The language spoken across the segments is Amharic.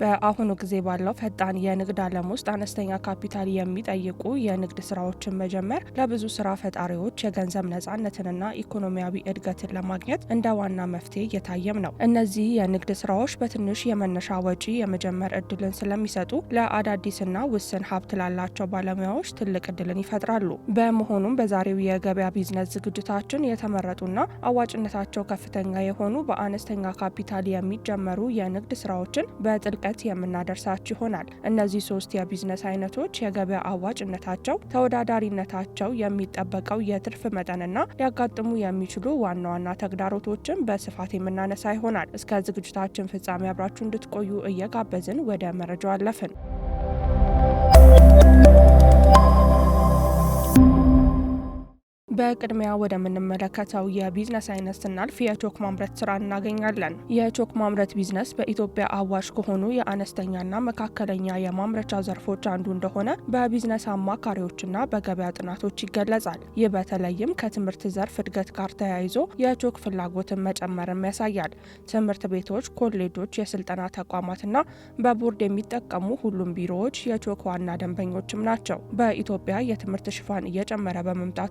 በአሁኑ ጊዜ ባለው ፈጣን የንግድ ዓለም ውስጥ አነስተኛ ካፒታል የሚጠይቁ የንግድ ስራዎችን መጀመር ለብዙ ስራ ፈጣሪዎች የገንዘብ ነጻነትንና ኢኮኖሚያዊ እድገትን ለማግኘት እንደ ዋና መፍትሄ እየታየም ነው። እነዚህ የንግድ ስራዎች በትንሽ የመነሻ ወጪ የመጀመር እድልን ስለሚሰጡ ለአዳዲስና ውስን ሀብት ላላቸው ባለሙያዎች ትልቅ እድልን ይፈጥራሉ። በመሆኑም በዛሬው የገበያ ቢዝነስ ዝግጅታችን የተመረጡና አዋጭነታቸው ከፍተኛ የሆኑ በአነስተኛ ካፒታል የሚጀመሩ የንግድ ስራዎችን በጥልቀ ርቀት የምናደርሳችሁ ይሆናል። እነዚህ ሶስት የቢዝነስ አይነቶች የገበያ አዋጭነታቸው፣ ተወዳዳሪነታቸው፣ የሚጠበቀው የትርፍ መጠንና ሊያጋጥሙ የሚችሉ ዋና ዋና ተግዳሮቶችን በስፋት የምናነሳ ይሆናል። እስከ ዝግጅታችን ፍጻሜ አብራችሁ እንድትቆዩ እየጋበዝን ወደ መረጃው አለፍን። በቅድሚያ ወደምንመለከተው የቢዝነስ አይነት ስናልፍ የቾክ ማምረት ስራ እናገኛለን። የቾክ ማምረት ቢዝነስ በኢትዮጵያ አዋሽ ከሆኑ የአነስተኛና መካከለኛ የማምረቻ ዘርፎች አንዱ እንደሆነ በቢዝነስ አማካሪዎችና በገበያ ጥናቶች ይገለጻል። ይህ በተለይም ከትምህርት ዘርፍ እድገት ጋር ተያይዞ የቾክ ፍላጎትን መጨመርም ያሳያል። ትምህርት ቤቶች፣ ኮሌጆች፣ የስልጠና ተቋማትና በቦርድ የሚጠቀሙ ሁሉም ቢሮዎች የቾክ ዋና ደንበኞችም ናቸው። በኢትዮጵያ የትምህርት ሽፋን እየጨመረ በመምጣቱ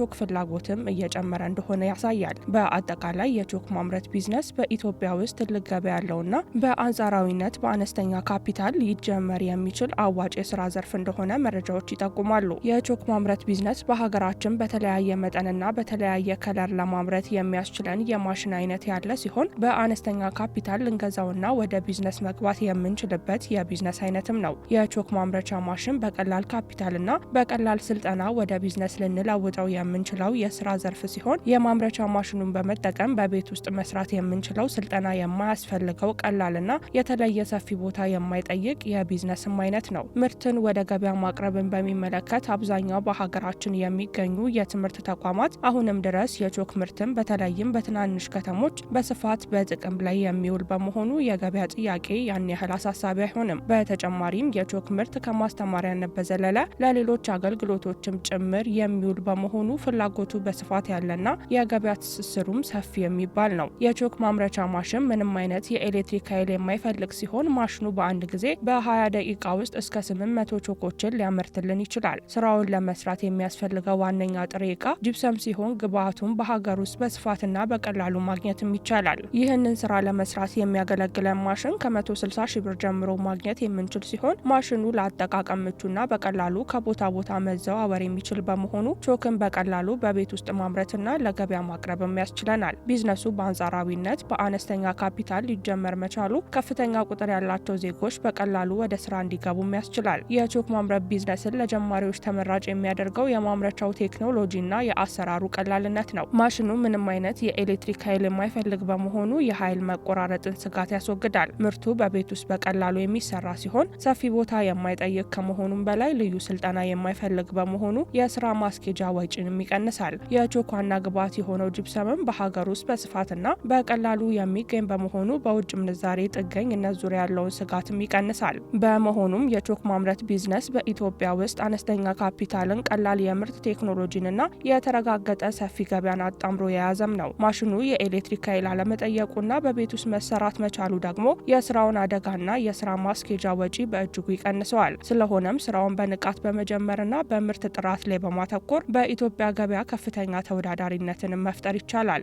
የቾክ ፍላጎትም እየጨመረ እንደሆነ ያሳያል። በአጠቃላይ የቾክ ማምረት ቢዝነስ በኢትዮጵያ ውስጥ ትልቅ ገበያ ያለውና በአንጻራዊነት በአነስተኛ ካፒታል ሊጀመር የሚችል አዋጭ የስራ ዘርፍ እንደሆነ መረጃዎች ይጠቁማሉ። የቾክ ማምረት ቢዝነስ በሀገራችን በተለያየ መጠንና በተለያየ ከለር ለማምረት የሚያስችለን የማሽን አይነት ያለ ሲሆን በአነስተኛ ካፒታል ልንገዛውና ወደ ቢዝነስ መግባት የምንችልበት የቢዝነስ አይነትም ነው። የቾክ ማምረቻ ማሽን በቀላል ካፒታልና በቀላል ስልጠና ወደ ቢዝነስ ልንለውጠው የምንችለው የስራ ዘርፍ ሲሆን የማምረቻ ማሽኑን በመጠቀም በቤት ውስጥ መስራት የምንችለው ስልጠና የማያስፈልገው ቀላልና የተለየ ሰፊ ቦታ የማይጠይቅ የቢዝነስም አይነት ነው። ምርትን ወደ ገበያ ማቅረብን በሚመለከት አብዛኛው በሀገራችን የሚገኙ የትምህርት ተቋማት አሁንም ድረስ የቾክ ምርትን በተለይም በትናንሽ ከተሞች በስፋት በጥቅም ላይ የሚውል በመሆኑ የገበያ ጥያቄ ያን ያህል አሳሳቢ አይሆንም። በተጨማሪም የቾክ ምርት ከማስተማሪያነት በዘለለ ለሌሎች አገልግሎቶችም ጭምር የሚውል በመሆኑ ፍላጎቱ በስፋት ያለና የገበያ ትስስሩም ሰፊ የሚባል ነው። የቾክ ማምረቻ ማሽን ምንም አይነት የኤሌክትሪክ ኃይል የማይፈልግ ሲሆን ማሽኑ በአንድ ጊዜ በ20 ደቂቃ ውስጥ እስከ 800 ቾኮችን ሊያመርትልን ይችላል። ስራውን ለመስራት የሚያስፈልገው ዋነኛ ጥሬ እቃ ጅብሰም ሲሆን ግብአቱም በሀገር ውስጥ በስፋትና በቀላሉ ማግኘትም ይቻላል። ይህንን ስራ ለመስራት የሚያገለግለን ማሽን ከ160 ሺህ ብር ጀምሮ ማግኘት የምንችል ሲሆን ማሽኑ ለአጠቃቀም ምቹና በቀላሉ ከቦታ ቦታ መዘዋወር የሚችል በመሆኑ ቾክን በቀ በቀላሉ በቤት ውስጥ ማምረትና ለገበያ ማቅረብም ያስችለናል። ቢዝነሱ በአንጻራዊነት በአነስተኛ ካፒታል ሊጀመር መቻሉ ከፍተኛ ቁጥር ያላቸው ዜጎች በቀላሉ ወደ ስራ እንዲገቡም ያስችላል። የቾክ ማምረት ቢዝነስን ለጀማሪዎች ተመራጭ የሚያደርገው የማምረቻው ቴክኖሎጂና የአሰራሩ ቀላልነት ነው። ማሽኑ ምንም አይነት የኤሌክትሪክ ኃይል የማይፈልግ በመሆኑ የኃይል መቆራረጥን ስጋት ያስወግዳል። ምርቱ በቤት ውስጥ በቀላሉ የሚሰራ ሲሆን ሰፊ ቦታ የማይጠይቅ ከመሆኑም በላይ ልዩ ስልጠና የማይፈልግ በመሆኑ የስራ ማስኬጃ ወጪን ወጪንም ይቀንሳል። የቾክ ዋና ግብዓት የሆነው ጅብሰምም በሀገር ውስጥ በስፋትና በቀላሉ የሚገኝ በመሆኑ በውጭ ምንዛሬ ጥገኝነት ዙሪያ ያለውን ስጋትም ይቀንሳል። በመሆኑም የቾክ ማምረት ቢዝነስ በኢትዮጵያ ውስጥ አነስተኛ ካፒታልን፣ ቀላል የምርት ቴክኖሎጂንና የተረጋገጠ ሰፊ ገበያን አጣምሮ የያዘም ነው። ማሽኑ የኤሌክትሪክ ኃይል አለመጠየቁና በቤት ውስጥ መሰራት መቻሉ ደግሞ የስራውን አደጋና የስራ ማስኬጃ ወጪ በእጅጉ ይቀንሰዋል። ስለሆነም ስራውን በንቃት በመጀመርና በምርት ጥራት ላይ በማተኮር በኢትዮጵያ በኢትዮጵያ ገበያ ከፍተኛ ተወዳዳሪነትን መፍጠር ይቻላል።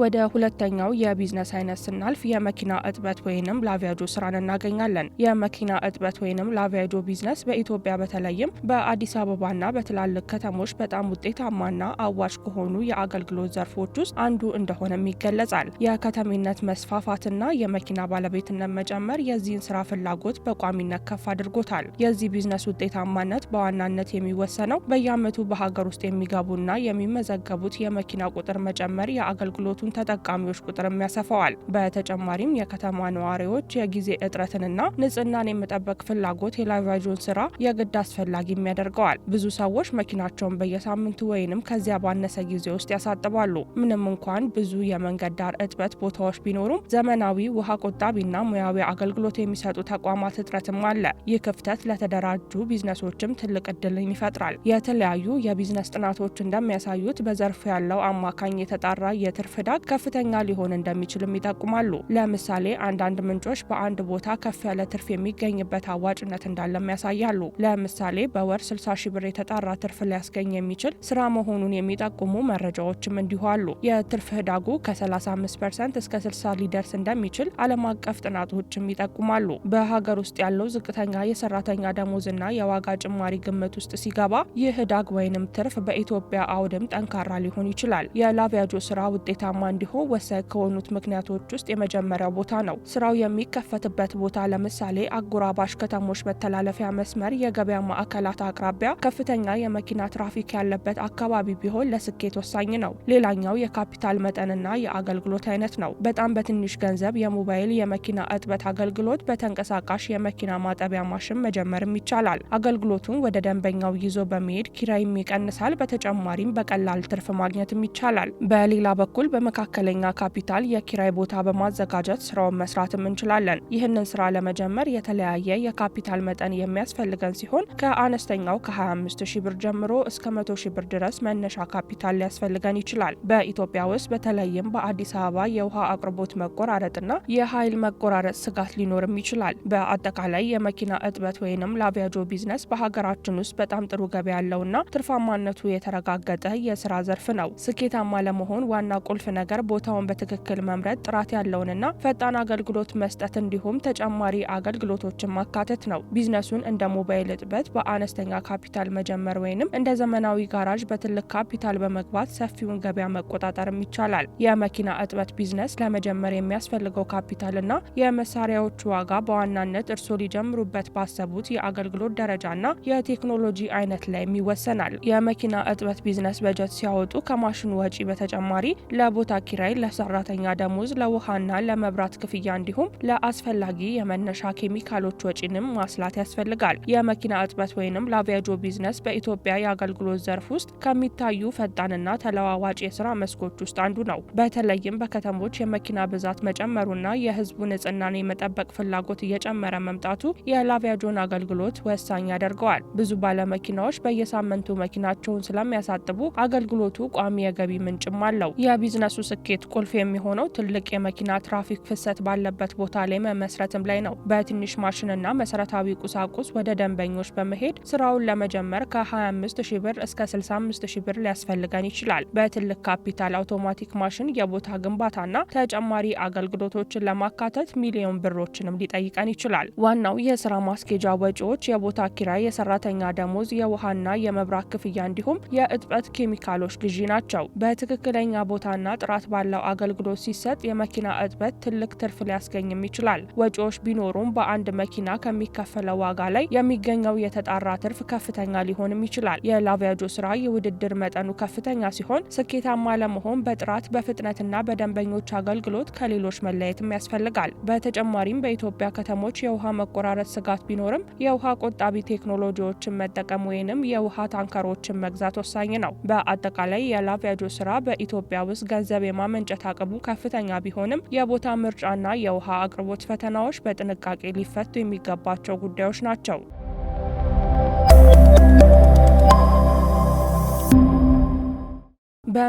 ወደ ሁለተኛው የቢዝነስ አይነት ስናልፍ የመኪና እጥበት ወይንም ላቪያጆ ስራን እናገኛለን። የመኪና እጥበት ወይንም ላቪያጆ ቢዝነስ በኢትዮጵያ በተለይም በአዲስ አበባና በትላልቅ ከተሞች በጣም ውጤታማና አዋጭ ከሆኑ የአገልግሎት ዘርፎች ውስጥ አንዱ እንደሆነም ይገለጻል። የከተሜነት መስፋፋትና የመኪና ባለቤትነት መጨመር የዚህን ስራ ፍላጎት በቋሚነት ከፍ አድርጎታል። የዚህ ቢዝነስ ውጤታማነት በዋናነት የሚወሰነው በየዓመቱ በሀገር ውስጥ የሚገቡና የሚመዘገቡት የመኪና ቁጥር መጨመር የአገልግሎት የአገልግሎቱን ተጠቃሚዎች ቁጥርም ያሰፋዋል። በተጨማሪም የከተማ ነዋሪዎች የጊዜ እጥረትንና ንጽህናን የመጠበቅ ፍላጎት የላቫዥን ስራ የግድ አስፈላጊም ያደርገዋል። ብዙ ሰዎች መኪናቸውን በየሳምንቱ ወይንም ከዚያ ባነሰ ጊዜ ውስጥ ያሳጥባሉ። ምንም እንኳን ብዙ የመንገድ ዳር እጥበት ቦታዎች ቢኖሩም ዘመናዊ ውሃ ቆጣቢና ሙያዊ አገልግሎት የሚሰጡ ተቋማት እጥረትም አለ። ይህ ክፍተት ለተደራጁ ቢዝነሶችም ትልቅ እድልን ይፈጥራል። የተለያዩ የቢዝነስ ጥናቶች እንደሚያሳዩት በዘርፉ ያለው አማካኝ የተጣራ የትርፍ ሁኔታ ከፍተኛ ሊሆን እንደሚችልም ይጠቁማሉ። ለምሳሌ አንዳንድ ምንጮች በአንድ ቦታ ከፍ ያለ ትርፍ የሚገኝበት አዋጭነት እንዳለም ያሳያሉ። ለምሳሌ በወር 60 ሺ ብር የተጣራ ትርፍ ሊያስገኝ የሚችል ስራ መሆኑን የሚጠቁሙ መረጃዎችም እንዲሁ አሉ። የትርፍ ህዳጉ ከ35 ፐርሰንት እስከ 60 ሊደርስ እንደሚችል ዓለም አቀፍ ጥናቶችም ይጠቁማሉ። በሀገር ውስጥ ያለው ዝቅተኛ የሰራተኛ ደሞዝና የዋጋ ጭማሪ ግምት ውስጥ ሲገባ ይህ ህዳግ ወይንም ትርፍ በኢትዮጵያ አውድም ጠንካራ ሊሆን ይችላል። የላቪያጆ ስራ ውጤታማ ውጤታማ እንዲሆን ወሳኝ ከሆኑት ምክንያቶች ውስጥ የመጀመሪያው ቦታ ነው። ስራው የሚከፈትበት ቦታ ለምሳሌ አጎራባሽ ከተሞች መተላለፊያ መስመር፣ የገበያ ማዕከላት አቅራቢያ፣ ከፍተኛ የመኪና ትራፊክ ያለበት አካባቢ ቢሆን ለስኬት ወሳኝ ነው። ሌላኛው የካፒታል መጠንና የአገልግሎት አይነት ነው። በጣም በትንሽ ገንዘብ የሞባይል የመኪና እጥበት አገልግሎት በተንቀሳቃሽ የመኪና ማጠቢያ ማሽን መጀመርም ይቻላል። አገልግሎቱን ወደ ደንበኛው ይዞ በመሄድ ኪራይም ይቀንሳል። በተጨማሪም በቀላል ትርፍ ማግኘትም ይቻላል። በሌላ በኩል በመ መካከለኛ ካፒታል የኪራይ ቦታ በማዘጋጀት ስራውን መስራትም እንችላለን። ይህንን ስራ ለመጀመር የተለያየ የካፒታል መጠን የሚያስፈልገን ሲሆን ከአነስተኛው ከ25 ሺ ብር ጀምሮ እስከ 100 ሺ ብር ድረስ መነሻ ካፒታል ሊያስፈልገን ይችላል። በኢትዮጵያ ውስጥ በተለይም በአዲስ አበባ የውሃ አቅርቦት መቆራረጥና የኃይል መቆራረጥ ስጋት ሊኖርም ይችላል። በአጠቃላይ የመኪና እጥበት ወይንም ላቪያጆ ቢዝነስ በሀገራችን ውስጥ በጣም ጥሩ ገበያ ያለውና ትርፋማነቱ የተረጋገጠ የስራ ዘርፍ ነው። ስኬታማ ለመሆን ዋና ቁልፍ ነገር ቦታውን በትክክል መምረጥ፣ ጥራት ያለውንና ፈጣን አገልግሎት መስጠት እንዲሁም ተጨማሪ አገልግሎቶችን ማካተት ነው። ቢዝነሱን እንደ ሞባይል እጥበት በአነስተኛ ካፒታል መጀመር ወይንም እንደ ዘመናዊ ጋራዥ በትልቅ ካፒታል በመግባት ሰፊውን ገበያ መቆጣጠርም ይቻላል። የመኪና እጥበት ቢዝነስ ለመጀመር የሚያስፈልገው ካፒታልና የመሳሪያዎቹ ዋጋ በዋናነት እርስዎ ሊጀምሩበት ባሰቡት የአገልግሎት ደረጃና የቴክኖሎጂ አይነት ላይም ይወሰናል። የመኪና እጥበት ቢዝነስ በጀት ሲያወጡ ከማሽኑ ወጪ በተጨማሪ ለቦታ ለቦታ ኪራይ፣ ለሰራተኛ ደሞዝ፣ ለውሃና ለመብራት ክፍያ እንዲሁም ለአስፈላጊ የመነሻ ኬሚካሎች ወጪንም ማስላት ያስፈልጋል። የመኪና እጥበት ወይንም ላቪያጆ ቢዝነስ በኢትዮጵያ የአገልግሎት ዘርፍ ውስጥ ከሚታዩ ፈጣንና ተለዋዋጭ የስራ መስኮች ውስጥ አንዱ ነው። በተለይም በከተሞች የመኪና ብዛት መጨመሩና የህዝቡ ንጽህናን የመጠበቅ ፍላጎት እየጨመረ መምጣቱ የላቪያጆን አገልግሎት ወሳኝ ያደርገዋል። ብዙ ባለመኪናዎች በየሳምንቱ መኪናቸውን ስለሚያሳጥቡ አገልግሎቱ ቋሚ የገቢ ምንጭም አለው። የቢዝነሱ ስኬት ቁልፍ የሚሆነው ትልቅ የመኪና ትራፊክ ፍሰት ባለበት ቦታ ላይ መመስረትም ላይ ነው። በትንሽ ማሽንና መሰረታዊ ቁሳቁስ ወደ ደንበኞች በመሄድ ስራውን ለመጀመር ከ25 ሺ ብር እስከ 65 ሺ ብር ሊያስፈልገን ይችላል። በትልቅ ካፒታል አውቶማቲክ ማሽን የቦታ ግንባታና ተጨማሪ አገልግሎቶችን ለማካተት ሚሊዮን ብሮችንም ሊጠይቀን ይችላል። ዋናው የስራ ማስኬጃ ወጪዎች የቦታ ኪራይ፣ የሰራተኛ ደሞዝ፣ የውሃና የመብራት ክፍያ እንዲሁም የእጥበት ኬሚካሎች ግዢ ናቸው። በትክክለኛ ቦታና ጥራት ባለው አገልግሎት ሲሰጥ የመኪና እጥበት ትልቅ ትርፍ ሊያስገኝም ይችላል። ወጪዎች ቢኖሩም በአንድ መኪና ከሚከፈለው ዋጋ ላይ የሚገኘው የተጣራ ትርፍ ከፍተኛ ሊሆንም ይችላል። የላቪያጆ ስራ የውድድር መጠኑ ከፍተኛ ሲሆን ስኬታማ ለመሆን በጥራት በፍጥነትና በደንበኞች አገልግሎት ከሌሎች መለየትም ያስፈልጋል። በተጨማሪም በኢትዮጵያ ከተሞች የውሃ መቆራረጥ ስጋት ቢኖርም የውሃ ቆጣቢ ቴክኖሎጂዎችን መጠቀም ወይንም የውሃ ታንከሮችን መግዛት ወሳኝ ነው። በአጠቃላይ የላቪያጆ ስራ በኢትዮጵያ ውስጥ ገንዘብ ገንዘብ የማመንጨት አቅሙ ከፍተኛ ቢሆንም የቦታ ምርጫና የውሃ አቅርቦት ፈተናዎች በጥንቃቄ ሊፈቱ የሚገባቸው ጉዳዮች ናቸው።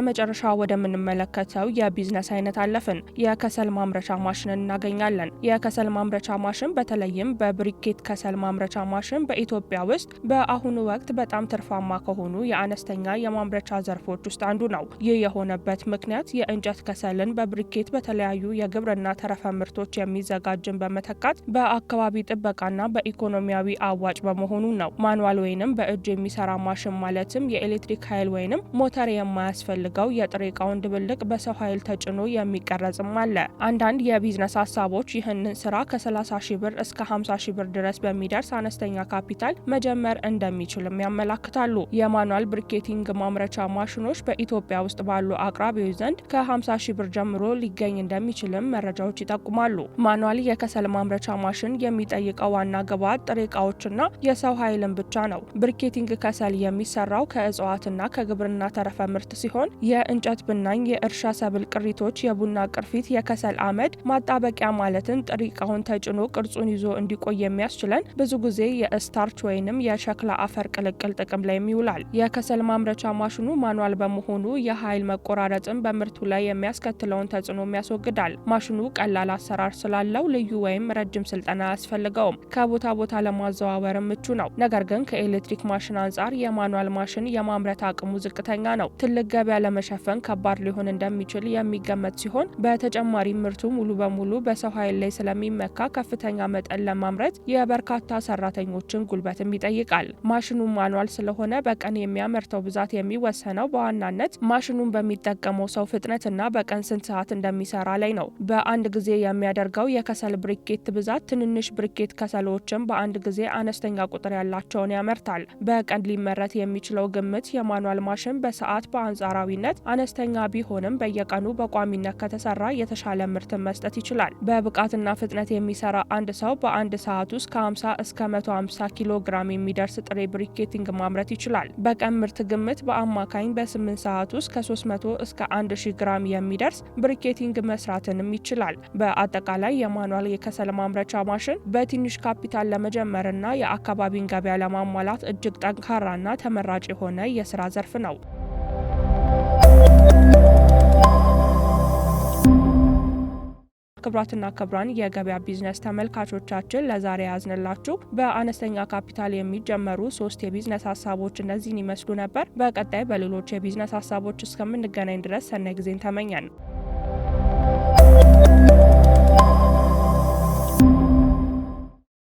በመጨረሻ ወደምንመለከተው የቢዝነስ አይነት አለፍን። የከሰል ማምረቻ ማሽንን እናገኛለን። የከሰል ማምረቻ ማሽን በተለይም በብሪኬት ከሰል ማምረቻ ማሽን በኢትዮጵያ ውስጥ በአሁኑ ወቅት በጣም ትርፋማ ከሆኑ የአነስተኛ የማምረቻ ዘርፎች ውስጥ አንዱ ነው። ይህ የሆነበት ምክንያት የእንጨት ከሰልን በብሪኬት በተለያዩ የግብርና ተረፈ ምርቶች የሚዘጋጅን በመተካት በአካባቢ ጥበቃና በኢኮኖሚያዊ አዋጭ በመሆኑ ነው። ማንዋል ወይንም በእጅ የሚሰራ ማሽን ማለትም የኤሌክትሪክ ኃይል ወይንም ሞተር የማያስፈልግ የሚፈልገው የጥሬ እቃውን ድብልቅ በሰው ኃይል ተጭኖ የሚቀረጽም አለ። አንዳንድ የቢዝነስ ሀሳቦች ይህንን ስራ ከ30 ሺ ብር እስከ 50 ሺ ብር ድረስ በሚደርስ አነስተኛ ካፒታል መጀመር እንደሚችልም ያመላክታሉ። የማኑዋል ብሪኬቲንግ ማምረቻ ማሽኖች በኢትዮጵያ ውስጥ ባሉ አቅራቢዎች ዘንድ ከ50 ሺ ብር ጀምሮ ሊገኝ እንደሚችልም መረጃዎች ይጠቁማሉ። ማኑዋል የከሰል ማምረቻ ማሽን የሚጠይቀው ዋና ግብዓት ጥሬ እቃዎችና የሰው ኃይልን ብቻ ነው። ብሪኬቲንግ ከሰል የሚሰራው ከእጽዋትና ከግብርና ተረፈ ምርት ሲሆን የእንጨት ብናኝ፣ የእርሻ ሰብል ቅሪቶች፣ የቡና ቅርፊት፣ የከሰል አመድ ማጣበቂያ ማለትን ጥሬ እቃውን ተጭኖ ቅርጹን ይዞ እንዲቆይ የሚያስችለን ብዙ ጊዜ የስታርች ወይንም የሸክላ አፈር ቅልቅል ጥቅም ላይ ይውላል። የከሰል ማምረቻ ማሽኑ ማኗል በመሆኑ የኃይል መቆራረጥን በምርቱ ላይ የሚያስከትለውን ተጽዕኖ ያስወግዳል። ማሽኑ ቀላል አሰራር ስላለው ልዩ ወይም ረጅም ስልጠና አያስፈልገውም። ከቦታ ቦታ ለማዘዋወርም ምቹ ነው። ነገር ግን ከኤሌክትሪክ ማሽን አንጻር የማኗል ማሽን የማምረት አቅሙ ዝቅተኛ ነው። ትልቅ ገበያ ለመሸፈን ከባድ ሊሆን እንደሚችል የሚገመት ሲሆን በተጨማሪም ምርቱ ሙሉ በሙሉ በሰው ኃይል ላይ ስለሚመካ ከፍተኛ መጠን ለማምረት የበርካታ ሰራተኞችን ጉልበትም ይጠይቃል። ማሽኑ ማኗል ስለሆነ በቀን የሚያመርተው ብዛት የሚወሰነው በዋናነት ማሽኑን በሚጠቀመው ሰው ፍጥነትና በቀን ስንት ሰዓት እንደሚሰራ ላይ ነው። በአንድ ጊዜ የሚያደርገው የከሰል ብሪኬት ብዛት ትንንሽ ብሪኬት ከሰሎችን በአንድ ጊዜ አነስተኛ ቁጥር ያላቸውን ያመርታል። በቀን ሊመረት የሚችለው ግምት የማኗል ማሽን በሰዓት በአንጻራዊ ተፈጥሯዊነት አነስተኛ ቢሆንም በየቀኑ በቋሚነት ከተሰራ የተሻለ ምርትን መስጠት ይችላል። በብቃትና ፍጥነት የሚሰራ አንድ ሰው በአንድ ሰዓት ውስጥ ከ50 እስከ 150 ኪሎ ግራም የሚደርስ ጥሬ ብሪኬቲንግ ማምረት ይችላል። በቀን ምርት ግምት በአማካኝ በ8 ሰዓት ውስጥ ከ300 እስከ 1000 ግራም የሚደርስ ብሪኬቲንግ መስራትንም ይችላል። በአጠቃላይ የማኑዋል የከሰል ማምረቻ ማሽን በትንሽ ካፒታል ለመጀመርና የአካባቢን ገበያ ለማሟላት እጅግ ጠንካራና ተመራጭ የሆነ የስራ ዘርፍ ነው። ክብራትና ክብራን የገበያ ቢዝነስ ተመልካቾቻችን ለዛሬ ያዝንላችሁ በአነስተኛ ካፒታል የሚጀመሩ ሶስት የቢዝነስ ሀሳቦች እነዚህን ይመስሉ ነበር። በቀጣይ በሌሎች የቢዝነስ ሀሳቦች እስከምንገናኝ ድረስ ሰናይ ጊዜን ተመኘን።